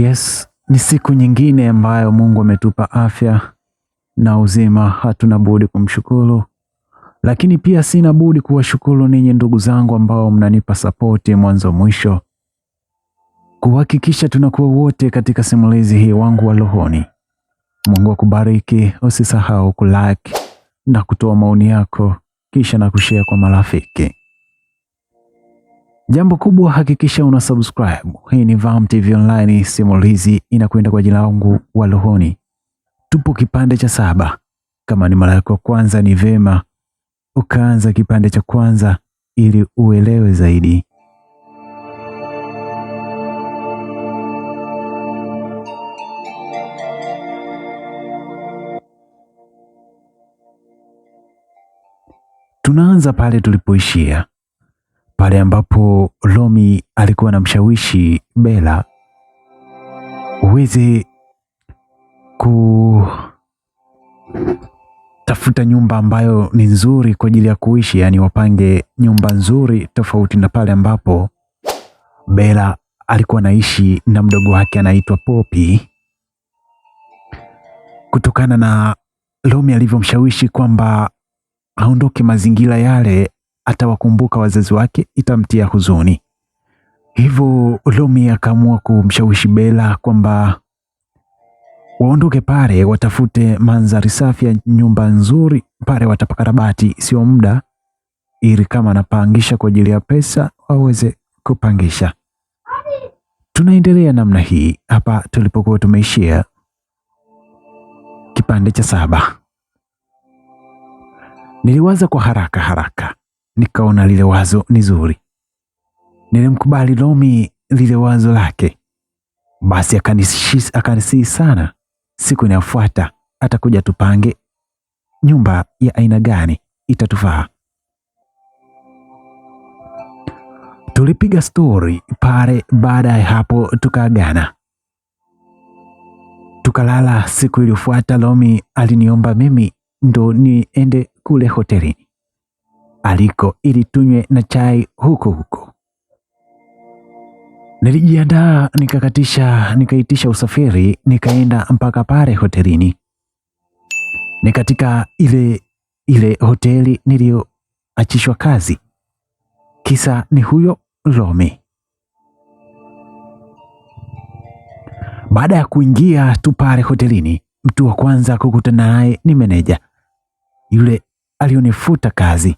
Yes, ni siku nyingine ambayo Mungu ametupa afya na uzima, hatuna budi kumshukuru, lakini pia sina budi kuwashukuru ninyi ndugu zangu ambao mnanipa sapoti mwanzo mwisho kuhakikisha tunakuwa wote katika simulizi hii wangu wa rohoni. Mungu akubariki. Usisahau kulike na kutoa maoni yako kisha na kushare kwa marafiki. Jambo kubwa, hakikisha una subscribe. Hii ni Vam TV Online, simulizi inakwenda kwa jina langu wa rohoni. Tupo kipande cha saba. Kama ni mara yako ya kwanza, ni vema ukaanza kipande cha kwanza ili uelewe zaidi. Tunaanza pale tulipoishia pale ambapo Romi alikuwa anamshawishi Bela uweze kutafuta nyumba ambayo ni nzuri kwa ajili ya kuishi, yaani wapange nyumba nzuri tofauti na pale ambapo Bela alikuwa anaishi na mdogo wake anaitwa Popi, kutokana na Romi alivyomshawishi kwamba aondoke mazingira yale atawakumbuka wazazi wake itamtia huzuni. Hivyo Lomi akaamua kumshawishi Bela kwamba waondoke pale, watafute mandhari safi ya nyumba nzuri pale, watapakarabati sio muda, ili kama anapangisha kwa ajili ya pesa waweze kupangisha. Tunaendelea namna hii hapa tulipokuwa tumeishia kipande cha saba. Niliwaza kwa haraka haraka nikaona lile wazo ni zuri. Nilimkubali Romi lile wazo lake. Basi akanisihi sana, siku inayofuata atakuja tupange nyumba ya aina gani itatufaa. Tulipiga stori pale. Baada ya hapo, tukaagana tukalala. Siku iliyofuata Romi aliniomba mimi ndo niende kule hotelini aliko ili tunywe na chai huko huko. Nilijiandaa nikakatisha, nikaitisha usafiri, nikaenda mpaka pale hotelini. Ni katika ile ile hoteli niliyoachishwa kazi, kisa ni huyo Lomi. Baada ya kuingia tu pale hotelini, mtu wa kwanza kukutana naye ni meneja yule alionifuta kazi.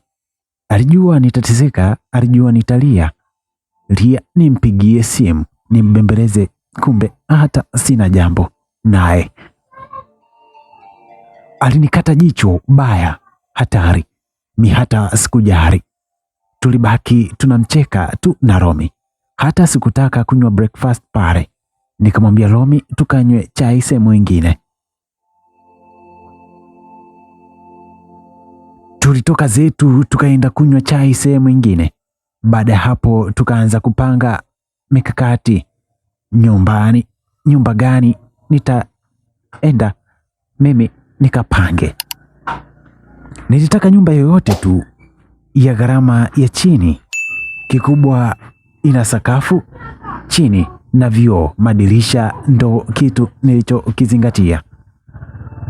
Alijua nitatizika, alijua nitalia. Lia nimpigie simu nimbembeleze, kumbe hata sina jambo naye. Alinikata jicho baya, hatari mi, hata sikujari. Tulibaki tunamcheka tu na Romi, hata sikutaka kunywa breakfast pale. Nikamwambia Romi tukanywe chai sehemu ingine. Tulitoka zetu tukaenda kunywa chai sehemu ingine. Baada ya hapo, tukaanza kupanga mikakati nyumbani, nyumba gani nitaenda mimi nikapange. Nilitaka nyumba yoyote tu ya gharama ya chini, kikubwa ina sakafu chini na vioo, madirisha ndo kitu nilichokizingatia.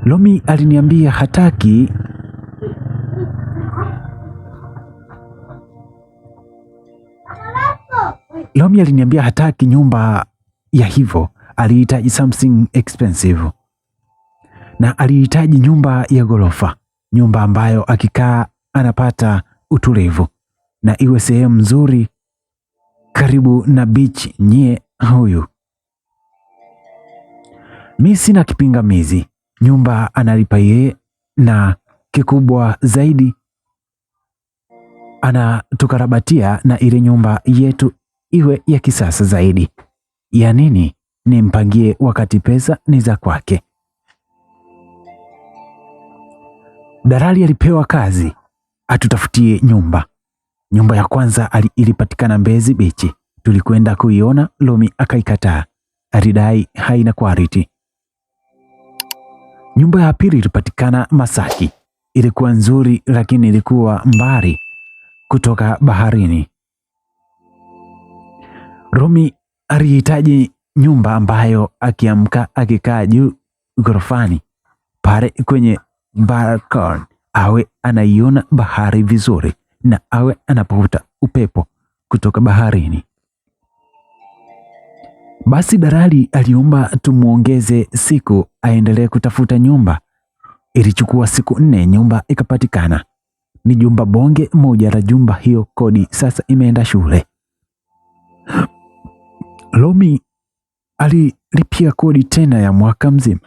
Lomi aliniambia hataki Lomi aliniambia hataki nyumba ya hivyo, alihitaji something expensive na alihitaji nyumba ya ghorofa, nyumba ambayo akikaa anapata utulivu na iwe sehemu nzuri karibu na beach. Nyie huyu mi sina kipingamizi, nyumba analipa yeye, na kikubwa zaidi anatukarabatia na ile nyumba yetu iwe ya kisasa zaidi. Ya nini nimpangie wakati pesa ni za kwake? Dalali alipewa kazi atutafutie nyumba. Nyumba ya kwanza ilipatikana Mbezi Bichi, tulikwenda kuiona. Lomi akaikataa, alidai haina kwariti. Nyumba ya pili ilipatikana Masaki, ilikuwa nzuri, lakini ilikuwa mbali kutoka baharini. Romi alihitaji nyumba ambayo akiamka akikaa juu ghorofani pale kwenye balcony awe anaiona bahari vizuri na awe anapovuta upepo kutoka baharini. Basi dalali aliomba tumwongeze siku aendelee kutafuta nyumba. Ilichukua siku nne, nyumba ikapatikana. Ni jumba bonge moja la jumba, hiyo kodi sasa imeenda shule. Lomi alilipia kodi tena ya mwaka mzima.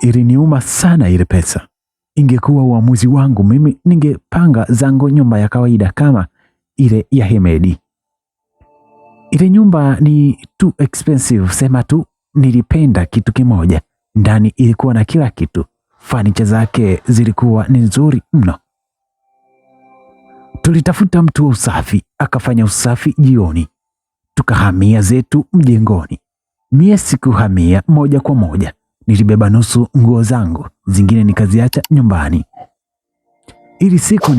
Iliniuma sana ile pesa. Ingekuwa uamuzi wangu mimi, ningepanga zango nyumba ya kawaida kama ile ya Hemedi. Ile nyumba ni too expensive, sema tu nilipenda kitu kimoja ndani, ilikuwa na kila kitu. Fanicha zake zilikuwa ni nzuri mno. Tulitafuta mtu wa usafi, akafanya usafi jioni tukahamia zetu mjengoni. Mie sikuhamia moja kwa moja, nilibeba nusu nguo zangu, zingine nikaziacha nyumbani ili siku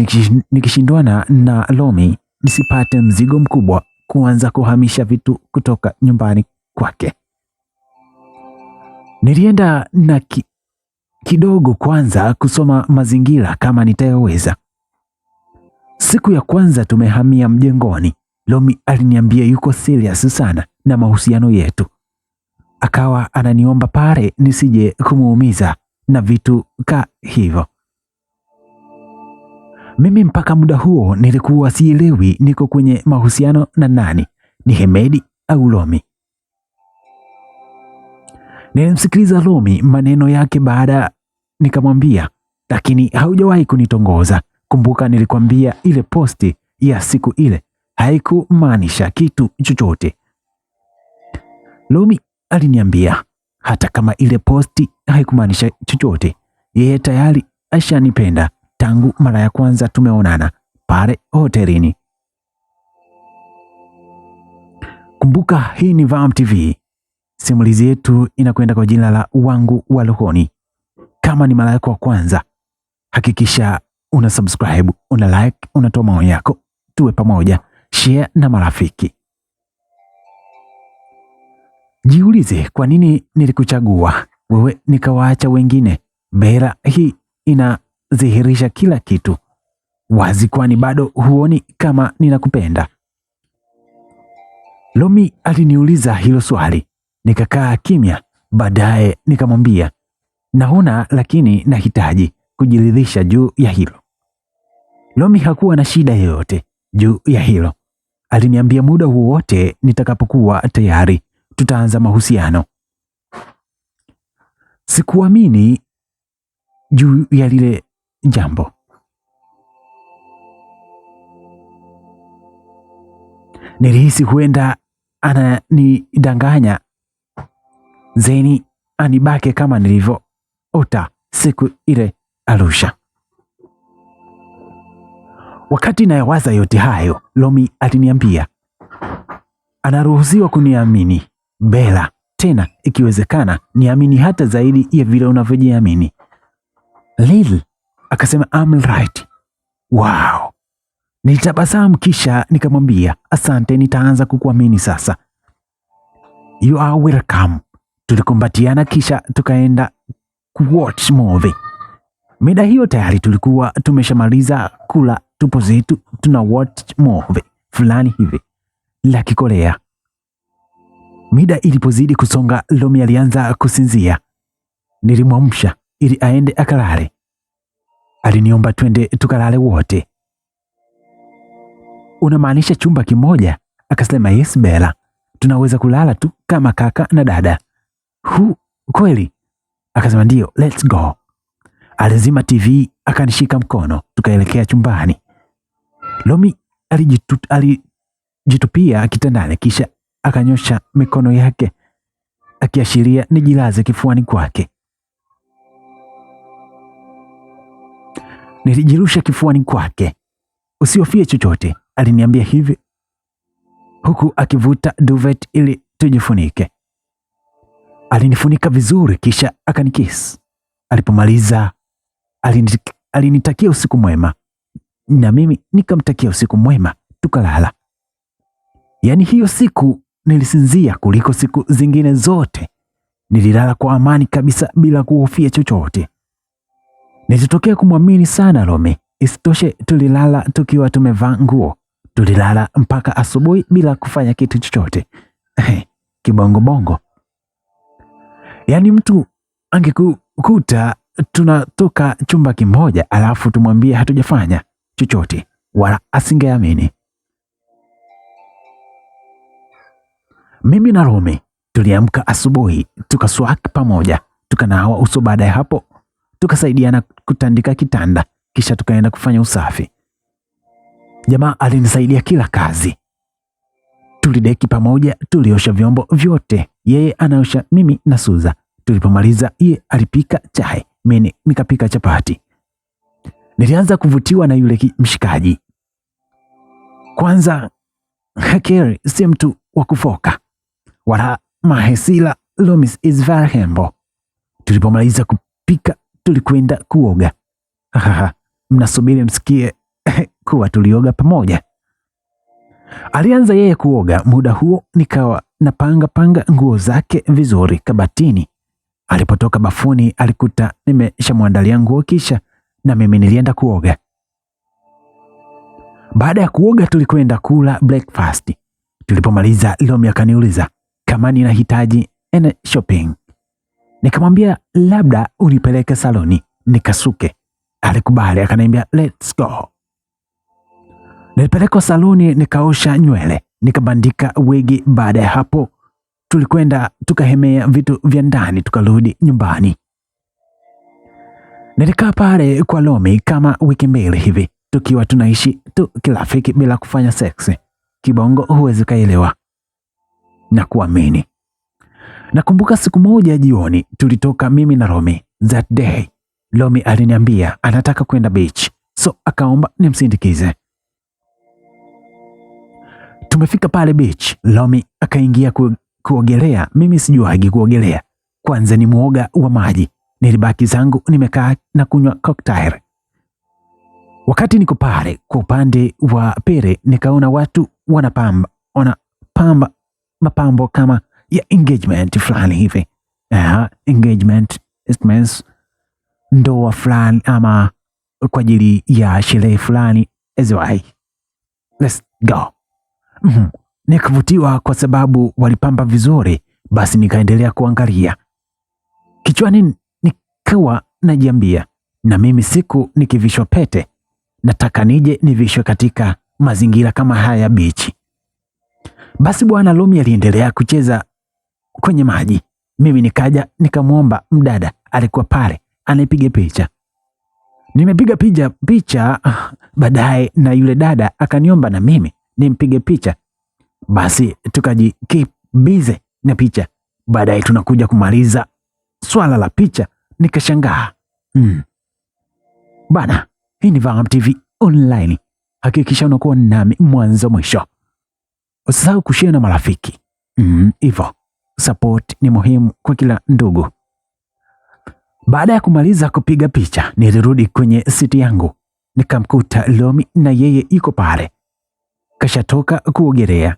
nikishindwana na Lomi nisipate mzigo mkubwa kuanza kuhamisha vitu kutoka nyumbani kwake. Nilienda na ki, kidogo kwanza kusoma mazingira kama nitayoweza. Siku ya kwanza tumehamia mjengoni, Lomi aliniambia yuko serious sana na mahusiano yetu, akawa ananiomba pare nisije kumuumiza na vitu ka hivyo. Mimi mpaka muda huo nilikuwa sielewi niko kwenye mahusiano na nani, ni Hemedi au Lomi. Nilimsikiliza Lomi maneno yake, baada nikamwambia, lakini haujawahi kunitongoza. Kumbuka nilikwambia ile posti ya siku ile haikumaanisha kitu chochote. Lumi aliniambia hata kama ile posti haikumaanisha chochote, yeye tayari ashanipenda tangu mara ya kwanza tumeonana pale hotelini. Kumbuka, hii ni Vam TV, simulizi yetu inakwenda kwa jina la Wangu wa Rohoni. Kama ni mara yako ya kwanza, hakikisha una subscribe, una like, unatoa maoni yako, tuwe pamoja share na marafiki. Jiulize, kwa nini nilikuchagua wewe nikawaacha wengine? Bera hii inadhihirisha kila kitu wazi, kwani bado huoni kama ninakupenda? Lomi aliniuliza hilo swali, nikakaa kimya. Baadaye nikamwambia naona, lakini nahitaji kujiridhisha juu ya hilo. Lomi hakuwa na shida yoyote juu ya hilo, Aliniambia muda wote nitakapokuwa tayari tutaanza mahusiano. Sikuamini juu ya lile jambo. Nilihisi huenda ananidanganya Zeni anibake kama nilivyoota siku ile Arusha. Wakati nayawaza yote hayo, Lomi aliniambia anaruhusiwa kuniamini Bela, tena ikiwezekana niamini hata zaidi ya vile unavyojiamini. Lil akasema I'm right. Wow, nitabasamu kisha nikamwambia asante, nitaanza kukuamini sasa. You are welcome. Tulikumbatiana kisha tukaenda kuwatch movie. Mida hiyo tayari tulikuwa tumeshamaliza kula tupo zetu tuna watch movie fulani hivi la Kikorea. Mida ilipozidi kusonga, Lomi alianza kusinzia. Nilimwamsha ili aende akalale. Aliniomba twende tukalale wote. Unamaanisha chumba kimoja? Akasema yes bela tunaweza kulala tu kama kaka na dada. Hu, kweli? Akasema ndio, let's go. Alizima TV akanishika mkono tukaelekea chumbani. Lomi alijitupia kitandani kisha akanyosha mikono yake akiashiria nijilaze kifuani kwake. Nilijirusha kifuani kwake. Usiofie chochote, aliniambia hivi huku akivuta duvet ili tujifunike. Alinifunika vizuri kisha akanikisi. Alipomaliza alinitakia usiku mwema na mimi nikamtakia usiku mwema, tukalala. Yaani hiyo siku nilisinzia kuliko siku zingine zote. Nililala kwa amani kabisa bila kuhofia chochote. Nilitokea kumwamini sana romi Isitoshe, tulilala tukiwa tumevaa nguo, tulilala mpaka asubuhi bila kufanya kitu chochote. Kibongobongo, yaani mtu angekukuta tunatoka chumba kimoja alafu tumwambie hatujafanya chochote wala asingeamini. Mimi na Rumi tuliamka asubuhi, tukaswaki pamoja, tukanawa uso. Baada ya hapo, tukasaidiana kutandika kitanda, kisha tukaenda kufanya usafi. Jamaa alinisaidia kila kazi, tulideki pamoja, tuliosha vyombo vyote, yeye anaosha, mimi na Suza. Tulipomaliza, yeye alipika chai, mimi nikapika chapati. Nilianza kuvutiwa na yule mshikaji. Kwanza, Hakeri si mtu wa kufoka wala mahesila. Lomis is humble. Tulipomaliza kupika tulikwenda kuoga. Mnasubiri msikie kuwa tulioga pamoja. Alianza yeye kuoga, muda huo nikawa napanga panga nguo zake vizuri kabatini. Alipotoka bafuni alikuta nimeshamwandalia nguo, kisha na mimi nilienda kuoga. Baada ya kuoga, tulikwenda kula breakfast. Tulipomaliza, Lomi akaniuliza kama ninahitaji shopping. Nikamwambia labda unipeleke saloni nikasuke. Alikubali, akaniambia let's go. Nilipelekwa saluni nikaosha nywele nikabandika wigi. Baada ya hapo, tulikwenda tukahemea vitu vya ndani, tukarudi nyumbani. Nilikaa pale kwa Lomi kama wiki mbili hivi, tukiwa tunaishi tu kirafiki bila kufanya seksi. Kibongo huwezi kaelewa na kuamini. Nakumbuka siku moja jioni tulitoka mimi na romi That day Lomi aliniambia anataka kwenda beach, so akaomba nimsindikize. Tumefika pale beach, Lomi akaingia kuogelea. Mimi sijuagi kuogelea, kwanza ni mwoga wa maji, Nilibaki zangu nimekaa na kunywa cocktail. Wakati niko pale kwa upande wa pere, nikaona watu wanapamba wanapamba mapambo kama ya engagement fulani hivi, uh, engagement means ndoa fulani ama kwa ajili ya sherehe fulani eziwai. Let's go. Mm -hmm. Nikavutiwa kwa sababu walipamba vizuri, basi nikaendelea kuangalia. Kichwani nikawa najiambia, na mimi siku nikivishwa pete nataka nije nivishwe katika mazingira kama haya bichi. Basi bwana Lomi aliendelea kucheza kwenye maji, mimi nikaja nikamwomba mdada alikuwa pale anipige picha. Nimepiga picha picha, baadaye na yule dada akaniomba na mimi nimpige picha, basi tukajikibize na picha. Baadaye tunakuja kumaliza swala la picha, nikashangaa. Mm. Bana, hii ni Vamp TV online. Hakikisha unakuwa nami mwanzo mwisho. Usisahau kushare na marafiki hmm, hivyo. Mm, support ni muhimu kwa kila ndugu. Baada ya kumaliza kupiga picha, nilirudi kwenye siti yangu nikamkuta Lomi na yeye iko pale, kashatoka kuogelea.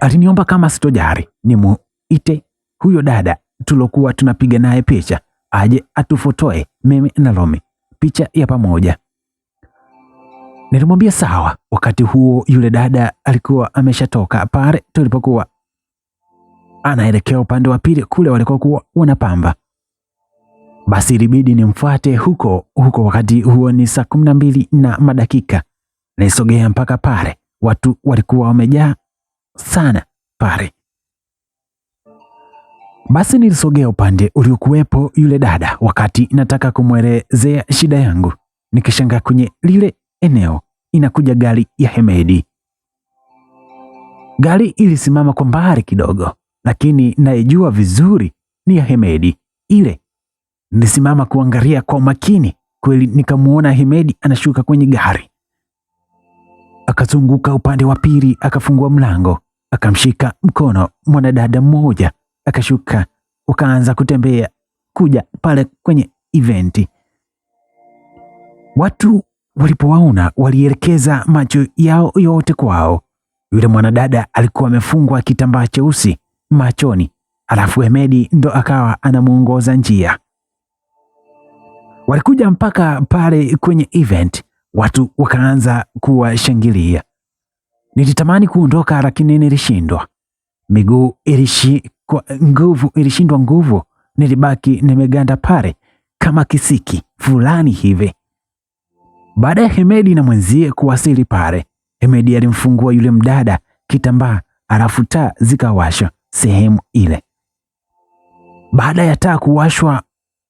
Aliniomba kama sitojari nimuite huyo dada tulokuwa tunapiga naye picha aje atufotoe mimi na romi picha ya pamoja. Nilimwambia sawa. Wakati huo yule dada alikuwa ameshatoka pale tulipokuwa, anaelekea upande wa pili kule walikuwa kuwa wanapamba. Basi ilibidi nimfuate huko huko. Wakati huo ni saa kumi na mbili na madakika. Nisogea mpaka pale, watu walikuwa wamejaa sana pale. Basi nilisogea upande uliokuwepo yule dada wakati nataka kumwelezea shida yangu, nikishangaa kwenye lile eneo inakuja gari ya Hemedi. Gari ilisimama kwa mbali kidogo, lakini naijua vizuri ni ya Hemedi ile. Nilisimama kuangalia kwa umakini kweli, nikamwona Hemedi anashuka kwenye gari, akazunguka upande wa pili, akafungua mlango, akamshika mkono mwanadada mmoja akashuka, ukaanza kutembea kuja pale kwenye eventi. Watu walipowaona walielekeza macho yao yote kwao. Yule mwanadada alikuwa amefungwa kitambaa cheusi machoni, alafu Hemedi ndo akawa anamuongoza njia. Walikuja mpaka pale kwenye event, watu wakaanza kuwashangilia. Nilitamani kuondoka lakini nilishindwa, miguu ilishi kwa nguvu ilishindwa nguvu, nilibaki nimeganda pale kama kisiki fulani hivi. Baada ya Hemedi na mwenzie kuwasili pale, Hemedi alimfungua yule mdada kitambaa, alafu taa zikawashwa sehemu ile. Baada ya taa kuwashwa,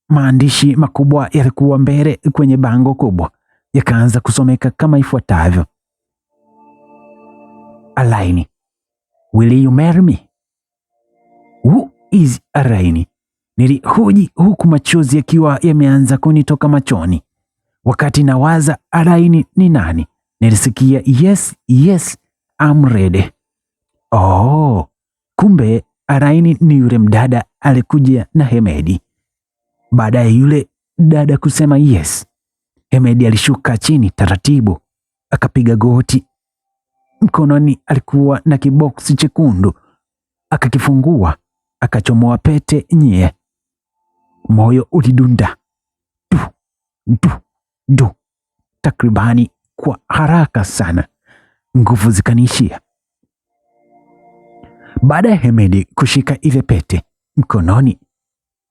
maandishi makubwa yalikuwa mbele kwenye bango kubwa, yakaanza kusomeka kama ifuatavyo: Alaini, will you marry me? Who is Araini? Nilihoji huku machozi yakiwa yameanza kunitoka machoni. Wakati nawaza Araini ni nani, nilisikia yes, yes, I'm ready. Oh, kumbe Araini ni yule mdada alikuja na Hemedi. Baada ya yule dada kusema yes, Hemedi alishuka chini taratibu, akapiga goti. Mkononi alikuwa na kiboksi chekundu, akakifungua akachomoa pete nyie. Moyo ulidunda du du du takribani kwa haraka sana, nguvu zikaniishia. Baada ya Hemedi kushika ile pete mkononi,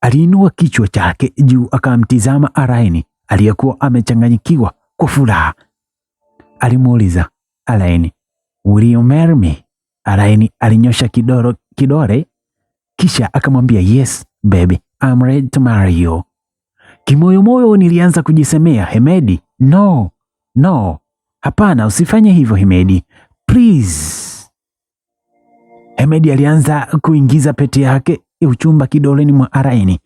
aliinua kichwa chake juu akamtizama araini aliyekuwa amechanganyikiwa kwa furaha. Alimuuliza Araini, will you marry me? Araini alinyosha kidoro kidore kisha akamwambia yes baby, I'm ready to marry you. Kimoyomoyo nilianza kujisemea, Hemedi, no no, hapana, usifanye hivyo Hemedi, please. Hemedi alianza kuingiza pete yake ya uchumba kidoleni mwa Araini.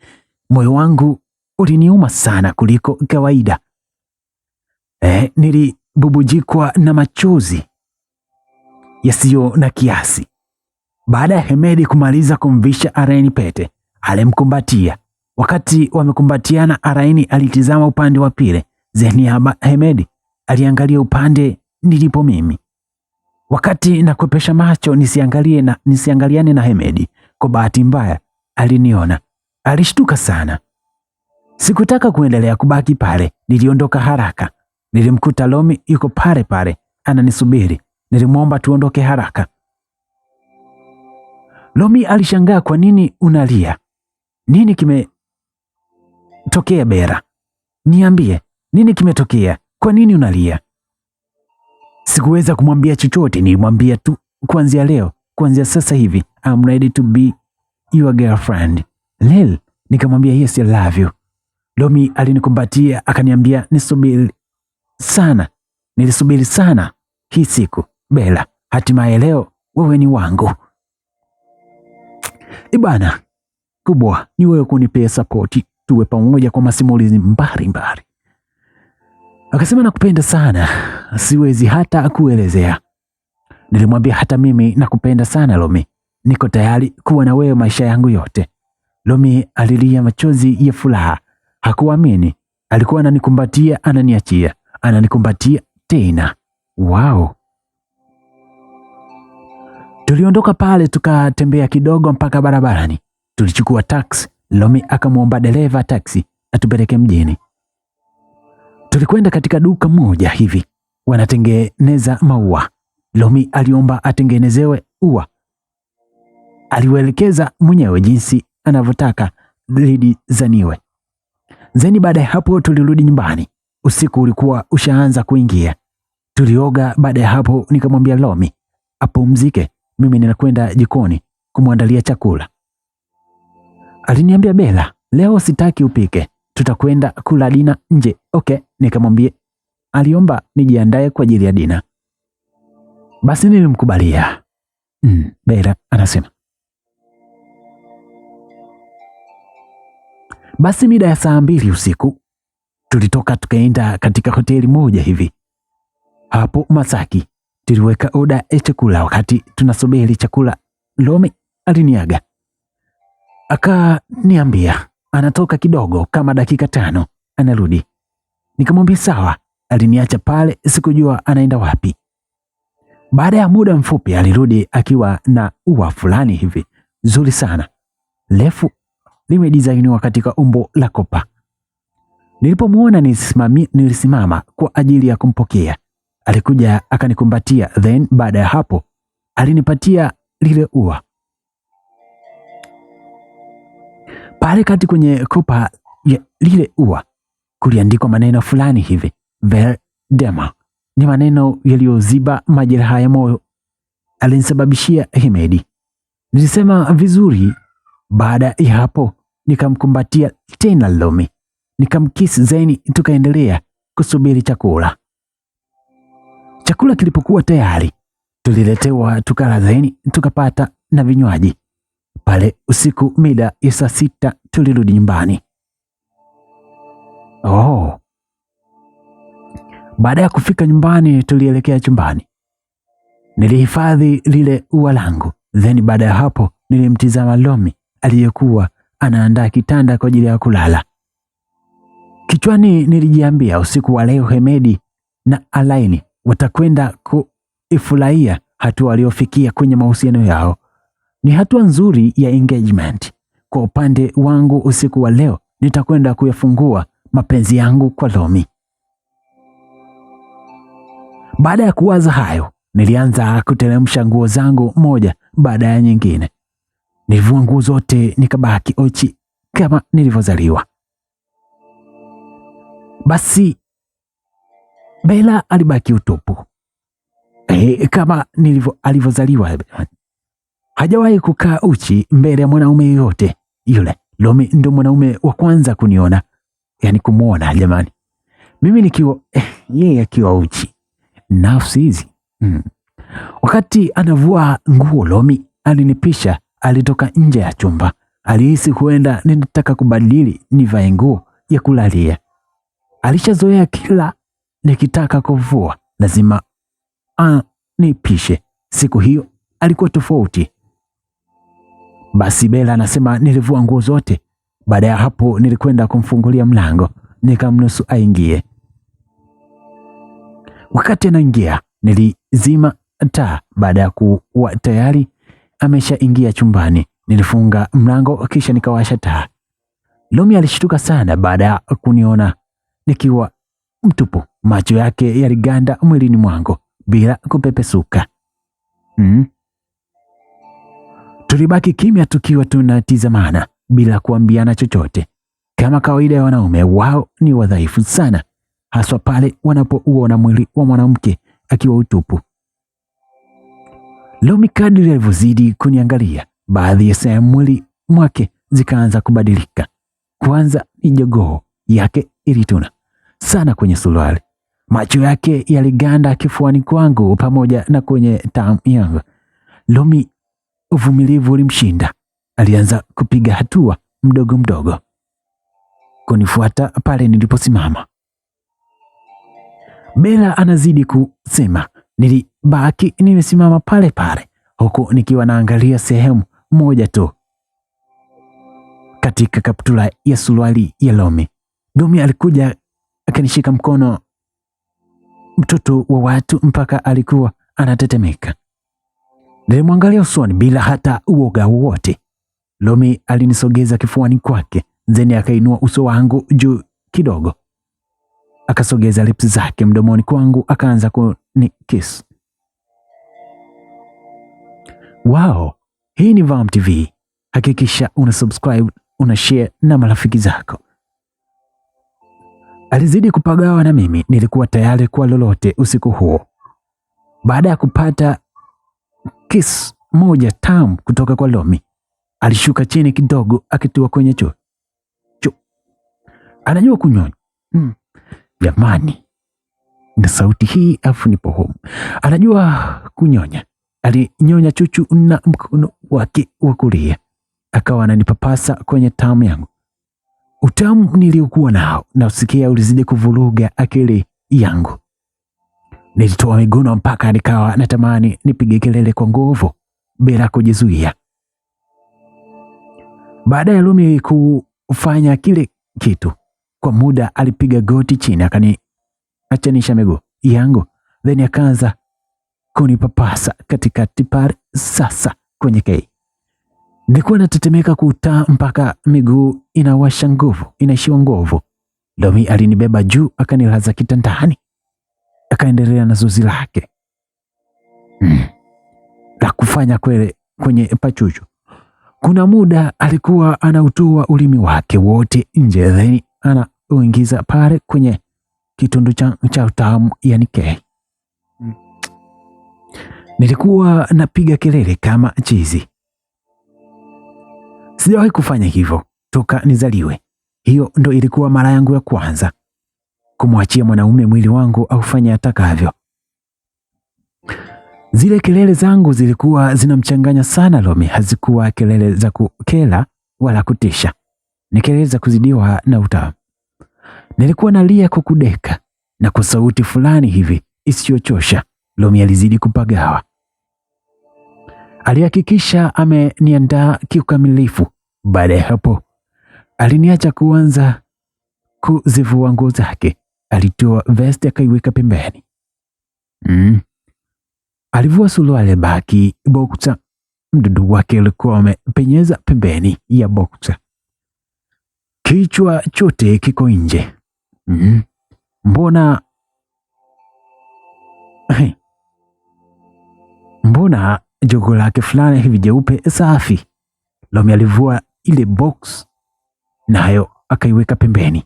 Moyo wangu uliniuma sana kuliko kawaida. E, nilibubujikwa na machozi yasiyo na kiasi. Baada ya Hemedi kumaliza kumvisha Araini pete, alimkumbatia. Wakati wamekumbatiana, Araini alitizama upande wa pile, Zehniaba Hemedi aliangalia upande nilipo mimi. Wakati nakwepesha macho nisiangalie na nisiangaliane na Hemedi, kwa bahati mbaya aliniona. Alishtuka sana. Sikutaka kuendelea kubaki pale, niliondoka haraka. Nilimkuta Lomi yuko pale pale ananisubiri. Nilimwomba tuondoke haraka. Lomi alishangaa kwa nini unalia? Nini kimetokea Bera? Niambie, nini kimetokea? Kwa nini unalia? Sikuweza kumwambia chochote, nilimwambia tu kuanzia leo, kuanzia sasa hivi I'm ready to be your girlfriend. Lil, nikamwambia yes I love you. Lomi alinikumbatia akaniambia nisubiri sana, nilisubiri sana hii siku Bela, hatimaye leo wewe ni wangu. Ibana eh, kubwa ni wewe kunipea sapoti, tuwe pamoja kwa masimulizi mbalimbali. Akasema nakupenda sana, siwezi hata kuelezea. Nilimwambia hata mimi nakupenda sana Lomi, niko tayari kuwa na wewe maisha yangu yote. Lomi alilia machozi ya furaha, hakuamini. Alikuwa ananikumbatia ananiachia, ananikumbatia tena. Wow. Tuliondoka pale tukatembea kidogo mpaka barabarani, tulichukua taksi. Lomi akamwomba dereva taksi atupeleke mjini. Tulikwenda katika duka moja hivi wanatengeneza maua. Lomi aliomba atengenezewe ua, aliwelekeza mwenyewe jinsi anavyotaka lidizaniwe. Zeni baada ya hapo tulirudi nyumbani. Usiku ulikuwa ushaanza kuingia, tulioga. Baada ya hapo nikamwambia Lomi apumzike, mimi ninakwenda jikoni kumwandalia chakula. Aliniambia, Bella, leo sitaki upike, tutakwenda kula dina nje. Okay, nikamwambia aliomba nijiandae kwa ajili ya dina, basi nilimkubalia. Mm, Bella anasema Basi mida ya saa mbili usiku tulitoka tukaenda katika hoteli moja hivi hapo Masaki, Tuliweka oda ya chakula, wakati tunasubiri chakula Lomi aliniaga akaniambia anatoka kidogo kama dakika tano anarudi. Nikamwambia sawa. Aliniacha pale, sikujua anaenda wapi. Baada ya muda mfupi alirudi akiwa na ua fulani hivi zuri sana refu, limedisainiwa katika umbo la kopa. Nilipomwona nilisimama kwa ajili ya kumpokea, Alikuja akanikumbatia, then baada ya hapo alinipatia lile ua pale kati kwenye kopa ya lile ua kuliandikwa maneno fulani hivi Verdema. Ni maneno yaliyoziba majeraha ya moyo alinisababishia himedi Nilisema vizuri. Baada ya hapo nikamkumbatia tena Lomi, nikamkisi zeni tukaendelea kusubiri chakula. Chakula kilipokuwa tayari, tuliletewa tukala zaini, tukapata na vinywaji. Pale usiku mida ya saa sita tulirudi nyumbani. Oh. Baada ya kufika nyumbani tulielekea chumbani. Nilihifadhi lile ua langu. Then baada ya hapo nilimtizama Lomi aliyekuwa anaandaa kitanda kwa ajili ya kulala. Kichwani nilijiambia usiku wa leo Hemedi na Alaini watakwenda kuifurahia hatua waliofikia kwenye mahusiano yao. Ni hatua nzuri ya engagement. Kwa upande wangu, usiku wa leo nitakwenda kuyafungua mapenzi yangu kwa Lomi. Baada ya kuwaza hayo, nilianza kuteremsha nguo zangu moja baada ya nyingine. Nilivua nguo zote nikabaki uchi kama nilivyozaliwa. Basi Bela alibaki utupu e, kama nilivyo alivyozaliwa. Hajawahi kukaa uchi mbele ya mwanaume yoyote yule. Lomi ndo mwanaume wa kwanza kuniona, yani kumwona jamani, mimi nikiwa eh, yeye akiwa uchi. Nafsi hizi hmm. Wakati anavua nguo Lomi alinipisha, alitoka nje ya chumba, alihisi huenda ninataka kubadili nivae nguo ya kulalia. Alishazoea kila nikitaka kuvua lazima anipishe. Siku hiyo alikuwa tofauti. Basi Bela anasema nilivua nguo zote. Baada ya hapo, nilikwenda kumfungulia mlango nikamnusu aingie. Wakati anaingia, nilizima taa. Baada ya kuwa tayari ameshaingia chumbani, nilifunga mlango kisha nikawasha taa. Lomi alishtuka sana baada ya kuniona nikiwa mtupu. Macho yake yaliganda mwilini mwangu bila kupepesuka. Mm. Tulibaki kimya tukiwa tunatizamana bila kuambiana chochote. Kama kawaida ya wanaume, wao ni wadhaifu sana, haswa pale wanapouona mwili wa mwanamke akiwa utupu. Lomi kadri alivyozidi kuniangalia, baadhi ya sehemu mwili mwake zikaanza kubadilika. Kwanza ni jogoo yake ilituna sana kwenye suruali, Macho yake yaliganda kifuani kwangu pamoja na kwenye tamu yangu. Lomi, uvumilivu ulimshinda. Alianza kupiga hatua mdogo mdogo kunifuata pale niliposimama. Bela anazidi kusema, nilibaki nimesimama pale pale, huku nikiwa naangalia sehemu moja tu katika kaptula ya suruali ya Lomi. Lomi alikuja akanishika mkono mtoto wa watu mpaka alikuwa anatetemeka. Nilimwangalia usoni bila hata uoga wowote. Lomi alinisogeza kifuani kwake, zeni akainua uso wangu juu kidogo, akasogeza lips zake mdomoni kwangu, akaanza kunikis. Wow, hii ni Vam TV. Hakikisha una subscribe, una share na marafiki zako. Alizidi kupagawa na mimi nilikuwa tayari kwa lolote usiku huo. Baada ya kupata kiss moja tamu kutoka kwa Lomi, alishuka chini kidogo akitua kwenye choo. Choo. Anajua kunyonya. Hmm. Jamani. Na sauti hii afu nipo home. Anajua kunyonya. Alinyonya chuchu na mkono wake wa kulia. Akawa ananipapasa kwenye tamu yangu utamu niliokuwa nao nausikia ulizidi kuvuruga akili yangu. Nilitoa miguno mpaka nikawa natamani nipige kelele kwa nguvu bila kujizuia. Baada ya Lumi kufanya kile kitu kwa muda, alipiga goti chini akaniachanisha miguu yangu, then akaanza kunipapasa katikati pale sasa kwenye kei Nilikuwa natetemeka kuta mpaka miguu inawasha nguvu, inaishiwa nguvu. Lomi alinibeba juu akanilaza kitandani, akaendelea na zoezi lake mm, la kufanya kwele kwenye pachuchu. Kuna muda alikuwa anautua ulimi wake wote nje, then anauingiza pale kwenye kitundu cha, cha utamu yani kei. Mm. Nilikuwa napiga kelele kama chizi Sijawahi kufanya hivyo toka nizaliwe. Hiyo ndo ilikuwa mara yangu ya kwanza kumwachia mwanaume mwili wangu aufanye atakavyo. Zile kelele zangu zilikuwa zinamchanganya sana Lomi. Hazikuwa kelele za kukela wala kutisha, ni kelele za kuzidiwa na utamu. Nilikuwa nalia kwa kudeka na kwa sauti fulani hivi isiyochosha. Lomi alizidi kupagawa. Alihakikisha ameniandaa kiukamilifu baada ya hapo aliniacha kuanza kuzivua nguo zake. Alitoa vesti akaiweka pembeni mm. Alivua suruali baki bokta mdudu wake alikuwa amepenyeza pembeni ya bokta, kichwa chote kiko nje mm. Mbona hey. Mbona jogo lake fulani hivi jeupe safi Lomi alivua ile box nayo akaiweka pembeni.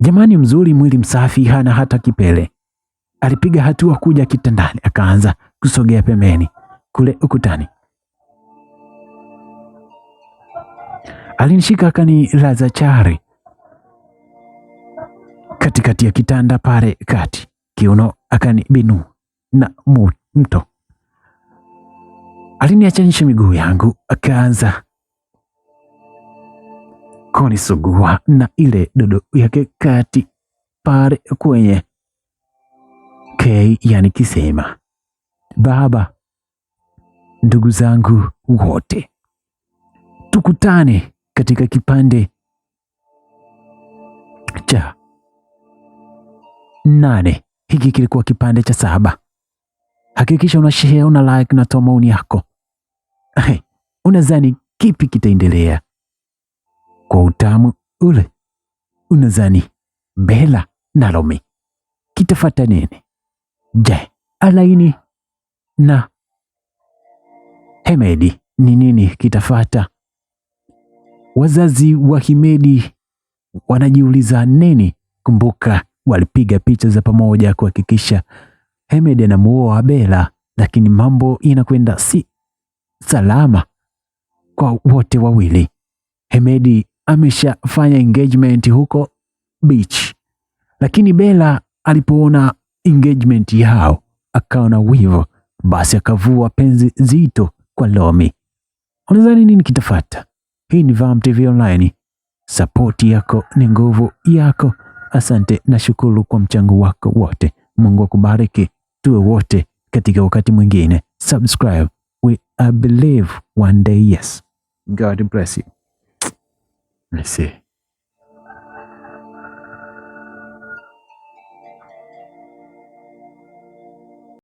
Jamani, mzuri, mwili msafi, hana hata kipele. Alipiga hatua kuja kitandani, akaanza kusogea pembeni kule ukutani. Alinishika akanilaza chari katikati ya kitanda pale kati, kiuno akanibinu na mto. nishe miguu yangu, akaanza kunisugua na ile dodo yake kati pale kwenye k, yani kisema, baba, ndugu zangu wote tukutane katika kipande cha nane. Hiki kilikuwa kipande cha saba. Hakikisha una share, una like, unatoa maoni yako. Hey, unadhani kipi kitaendelea? kwa utamu ule. unazani Bela na Lomi kitafata nini? Je, Alaini na Hemedi ni nini kitafata? Wazazi wa Himedi wanajiuliza nini? Kumbuka walipiga picha za pamoja kuhakikisha Hemedi anamuoa Bela, lakini mambo inakwenda si salama kwa wote wawili. Hemedi ameshafanya engagement huko beach, lakini Bella alipoona engagement yao akaona wivu, basi akavua penzi zito kwa Lomi. Unadhani nini kitafata? Hii ni Vam TV Online. Sapoti yako ni nguvu yako. Asante na shukuru kwa mchango wako wote. Mungu akubariki, tuwe wote katika wakati mwingine. Subscribe, we I believe one day yes. God bless you. see.